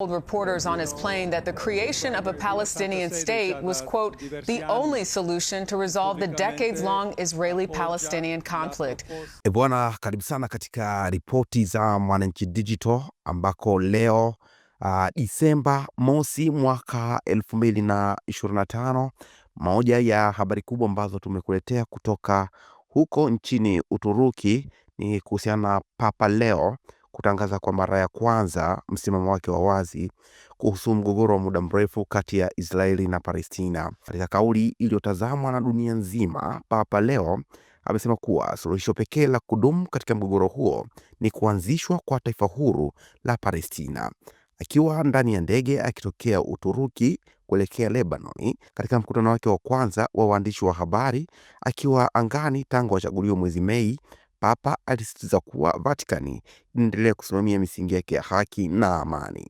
told reporters on his plane that the creation of a Palestinian state was, quote, the only solution to resolve the decades-long Israeli-Palestinian conflict. Eh, bwana, karibu sana katika ripoti za Mwananchi Digital ambako leo uh, Disemba mosi mwaka 2025, moja ya habari kubwa ambazo tumekuletea kutoka huko nchini Uturuki ni kuhusiana na Papa Leo kutangaza kwa mara ya kwanza msimamo wake wa wazi kuhusu mgogoro wa muda mrefu kati ya Israeli na Palestina. Katika kauli iliyotazamwa na dunia nzima, Papa Leo amesema kuwa suluhisho pekee la kudumu katika mgogoro huo ni kuanzishwa kwa taifa huru la Palestina. Akiwa ndani ya ndege akitokea Uturuki kuelekea Lebanoni katika mkutano wake wa kwanza wa waandishi wa habari akiwa angani tangu achaguliwe mwezi Mei, Papa alisisitiza kuwa Vatikani inaendelea kusimamia misingi yake ya haki na amani.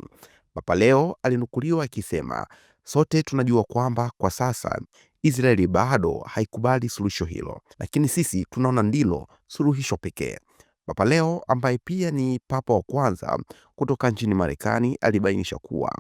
Papa Leo alinukuliwa akisema, sote tunajua kwamba kwa sasa Israeli bado haikubali suluhisho hilo, lakini sisi tunaona ndilo suluhisho pekee. Papa Leo ambaye pia ni papa wa kwanza kutoka nchini Marekani alibainisha kuwa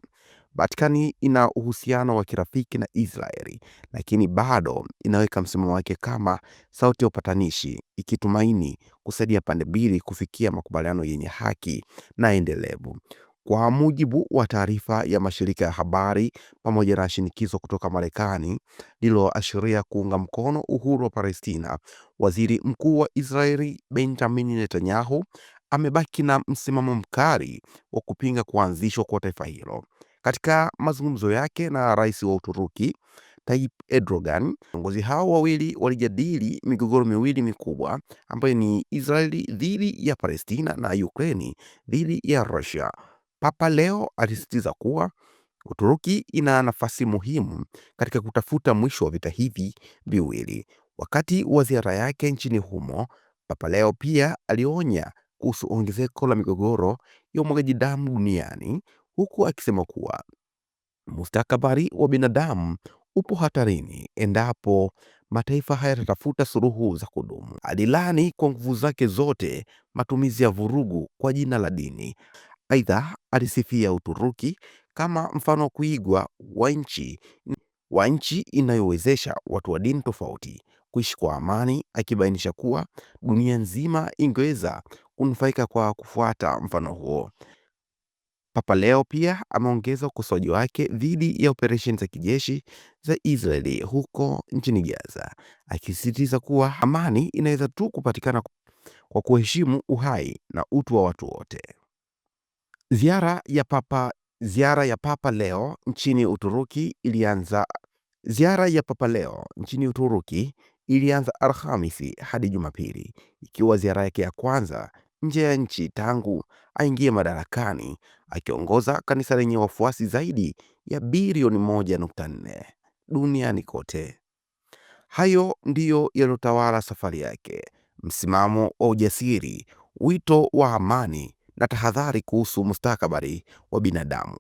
Vatikani ina uhusiano wa kirafiki na Israeli, lakini bado inaweka msimamo wake kama sauti ya upatanishi, ikitumaini kusaidia pande mbili kufikia makubaliano yenye haki na endelevu. Kwa mujibu wa taarifa ya mashirika ya habari, pamoja na shinikizo kutoka Marekani lililoashiria kuunga mkono uhuru wa Palestina, waziri mkuu wa Israeli Benjamin Netanyahu amebaki na msimamo mkali wa kupinga kuanzishwa kwa taifa hilo. Katika mazungumzo yake na rais wa Uturuki Tayyip Erdogan, viongozi hao wawili walijadili migogoro miwili mikubwa ambayo ni Israeli dhidi ya Palestina na Ukraini dhidi ya Russia. Papa Leo alisisitiza kuwa Uturuki ina nafasi muhimu katika kutafuta mwisho wa vita hivi viwili. Wakati wa ziara yake nchini humo, Papa Leo pia alionya kuhusu ongezeko la migogoro ya umwagaji damu duniani huku akisema kuwa mustakabali wa binadamu upo hatarini endapo mataifa haya yatatafuta suluhu za kudumu. alilani kwa nguvu zake zote matumizi ya vurugu kwa jina la dini. Aidha, alisifia Uturuki kama mfano wa kuigwa wa nchi wa nchi inayowezesha watu wa dini tofauti kuishi kwa amani, akibainisha kuwa dunia nzima ingeweza kunufaika kwa kufuata mfano huo. Papa Leo pia ameongeza ukosoaji wake dhidi ya operesheni za kijeshi za Israeli huko nchini Gaza, akisisitiza kuwa amani inaweza tu kupatikana kwa kuheshimu uhai na utu wa watu wote. Ziara ya Papa Ziara ya Papa Leo nchini Uturuki ilianza Ziara ya Papa Leo nchini Uturuki ilianza Alhamisi hadi Jumapili, ikiwa ziara yake ya kwanza nje ya nchi tangu aingie madarakani akiongoza kanisa lenye wafuasi zaidi ya bilioni 1.4 duniani kote. Hayo ndiyo yaliyotawala safari yake: msimamo wa ujasiri, wito wa amani na tahadhari kuhusu mustakabali wa binadamu.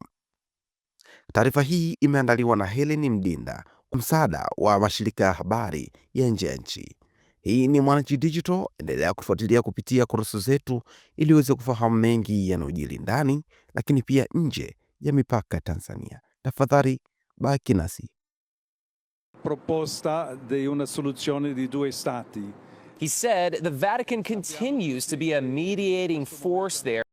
Taarifa hii imeandaliwa na Helen Mdinda kwa msaada wa mashirika ya habari ya nje ya nchi. Hii ni Mwananchi Digital, endelea kufuatilia kupitia kurasa zetu ili uweze kufahamu mengi yanayojiri ndani lakini pia nje ya mipaka ya Tanzania. Tafadhali baki nasi. Proposta di una soluzione di due stati. He said the Vatican continues to be a mediating force there.